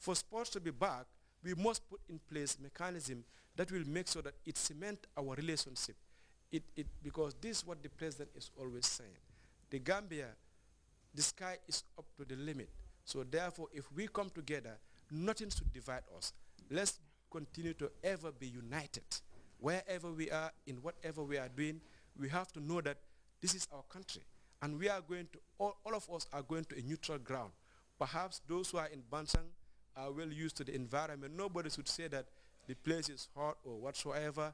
For sports to be back, we must put in place mechanism that will make sure that it cement our relationship. It, it, because this is what the president is always saying. The Gambia, the sky is up to the limit. So therefore, if we come together, nothing should divide us. Let's continue to ever be united. Wherever we are, in whatever we are doing, we have to know that this is our country. And we are going to, all, all of us are going to a neutral ground. Perhaps those who are in Bansang are well used to the environment. Nobody should say that the place is hot or whatsoever.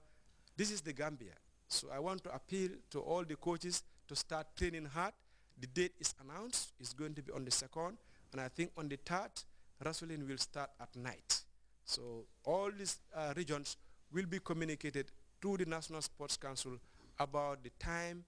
This is the Gambia. So I want to appeal to all the coaches to start training hard. The date is announced. It's going to be on the 2nd. And I think on the 3rd, wrestling will start at night. So all these uh, regions will be communicated through the National Sports Council about the time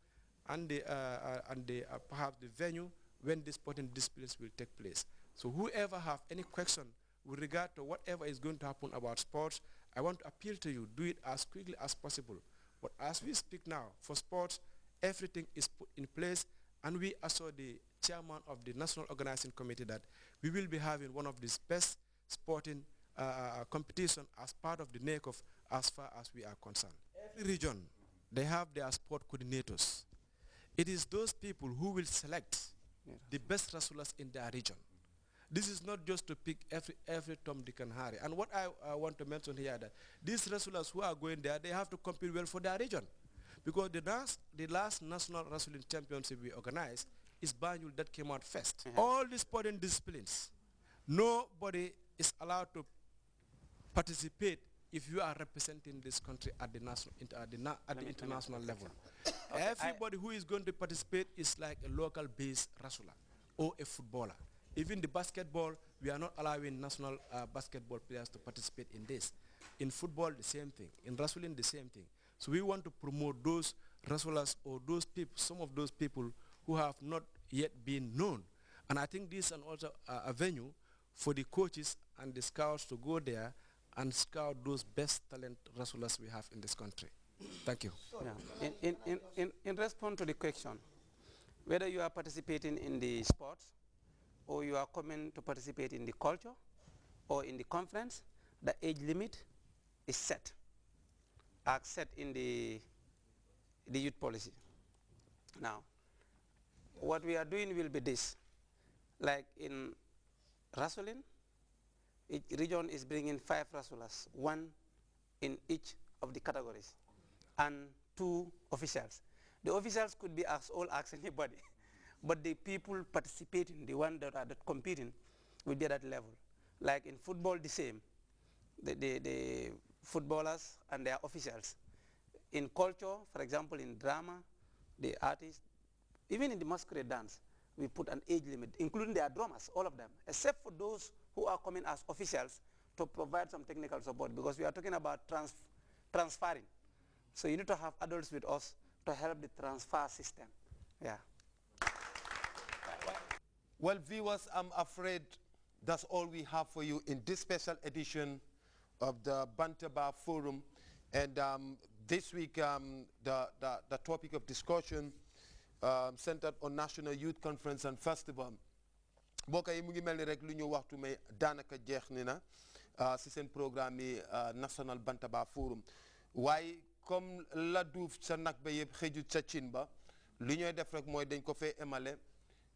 and the, uh, uh, and the uh, perhaps the venue when the sporting disciplines will take place. So whoever have any question with regard to whatever is going to happen about sports, I want to appeal to you, do it as quickly as possible. But as we speak now, for sports, everything is put in place, and we are the chairman of the National Organizing Committee that we will be having one of the best sporting uh, uh, uh competition as part of the NACOF as far as we are concerned. Every region, they have their sport coordinators. It is those people who will select the best wrestlers in their region. This is not just to pick every, every Tom, Dick and Harry. And what I, want to mention here that these wrestlers who are going there, they have to compete well for their region. Because the last, the last national wrestling championship we organized is Banjul that came out first. Mm -hmm. All the sporting disciplines, nobody is allowed to participate if you are representing this country at the national at the, na at the international level. okay, Everybody I who is going to participate is like a local-based wrestler or a footballer. Even the basketball, we are not allowing national uh, basketball players to participate in this. In football, the same thing. In wrestling, the same thing. So we want to promote those wrestlers or those people, some of those people who have not yet been known. And I think this is also uh, a venue for the coaches and the scouts to go there and scout those best talent wrestlers we have in this country. Thank you. Yeah. In, in, in, in response to the question, whether you are participating in the sport or you are coming to participate in the culture or in the conference, the age limit is set, as set in the, the youth policy. Now, what we are doing will be this. Like in wrestling, each region is bringing five wrestlers, one in each of the categories, and two officials. The officials could be as old as anybody. But the people participating, the ones that are competing, will be at that level. Like in football, the same. The, the, the footballers and their officials. In culture, for example, in drama, the artists, even in the masquerade dance, we put an age limit, including their drummers, all of them, except for those who are coming as officials to provide some technical support because we are talking about trans transferring. So you need to have adults with us to help the transfer system. Yeah. Well, viewers, I'm afraid that's all we have for you in this special edition of the Bantaba Forum. And um, this week, um, the, the, the, topic of discussion um, centered on National Youth Conference and Festival. mbokk yi mu ngi mel ni na uh, si seen programme yi uh, National Bantaba Forum waaye comme la duuf sa nag ba yëpp sa cin ba lu ñooy def rek mooy dañ emale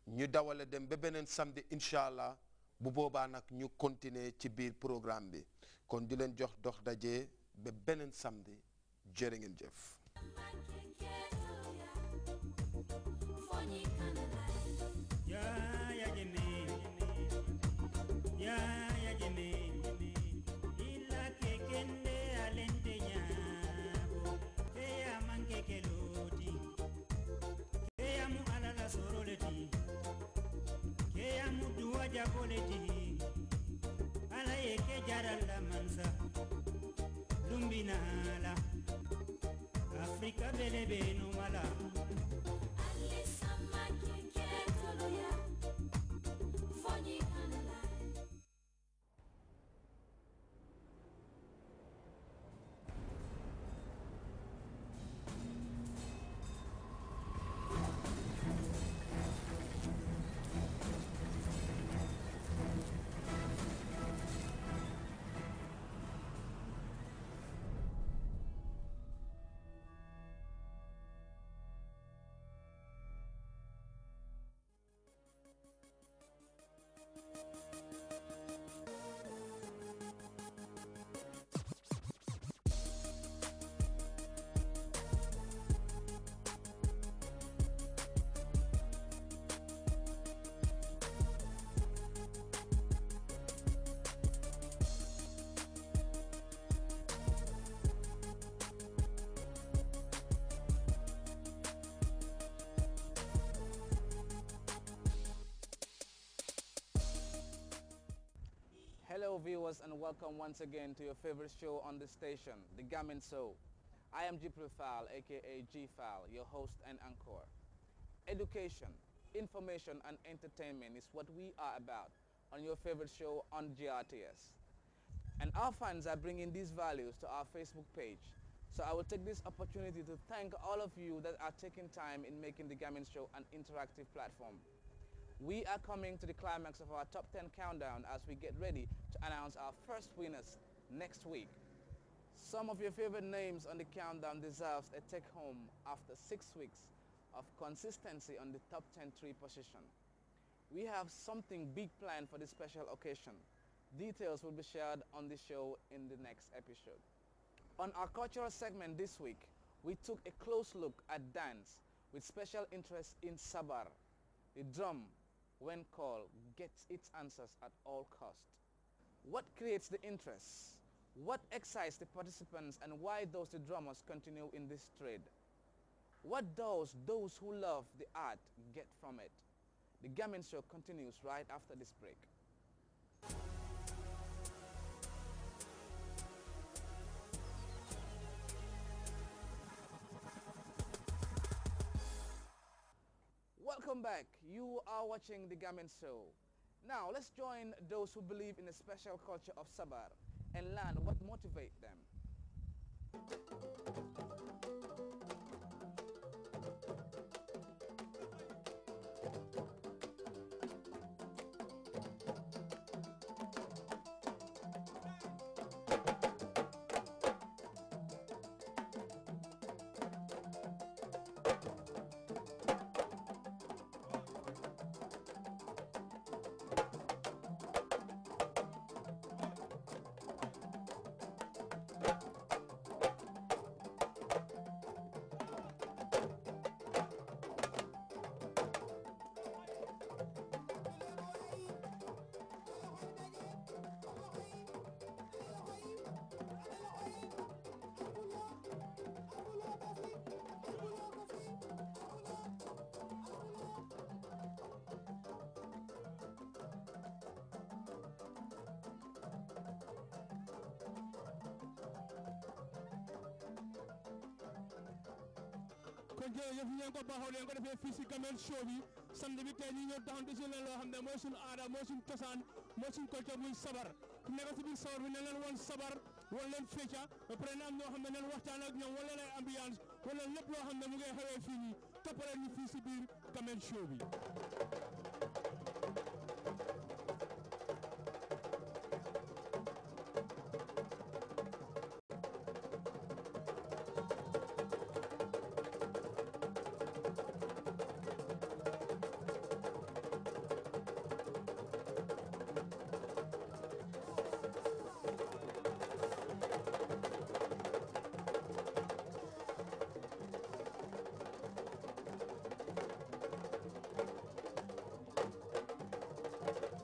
ñu dawale dem ba beneen samedi incha allah bu boobaa nag ñu continuer ci biir programme bi kon di leen jox dox daje ba beneen samedi jërë ngeen jëf. No. viewers and welcome once again to your favorite show on the station, The Gamin Show. I am Jibril Fal, aka g File, your host and anchor. Education, information and entertainment is what we are about on your favorite show on GRTS. And our fans are bringing these values to our Facebook page. So I will take this opportunity to thank all of you that are taking time in making The Gamin Show an interactive platform. We are coming to the climax of our top 10 countdown as we get ready to announce our first winners next week. Some of your favorite names on the countdown deserves a take home after six weeks of consistency on the top 10 tree position. We have something big planned for this special occasion. Details will be shared on the show in the next episode. On our cultural segment this week, we took a close look at dance with special interest in sabar, the drum when called, gets its answers at all cost. What creates the interest? What excites the participants and why does the drummers continue in this trade? What does those who love the art get from it? The Gaming Show continues right after this break. back. You are watching The Gamin Show. Now, let's join those who believe in the special culture of Sabar and learn what motivates them. kon jërëjëf ñu ngi ko baaxoo leen ko defee fii si Gambian Show bi samedi bi tey ñu ñëw taxaw di si leen loo xam ne mooy suñu aada mooy suñu cosaan mooy suñu culture muy sabar ku nekk si biir sabar bi ne leen woon sabar wala leen fecca ba pare na am ñoo xam ne leen waxtaan ak ñoom wala leen ambiance wala lépp loo xam ne mu ngi xewee fii nii toppaleen ñu fii si biir Gambian Show bi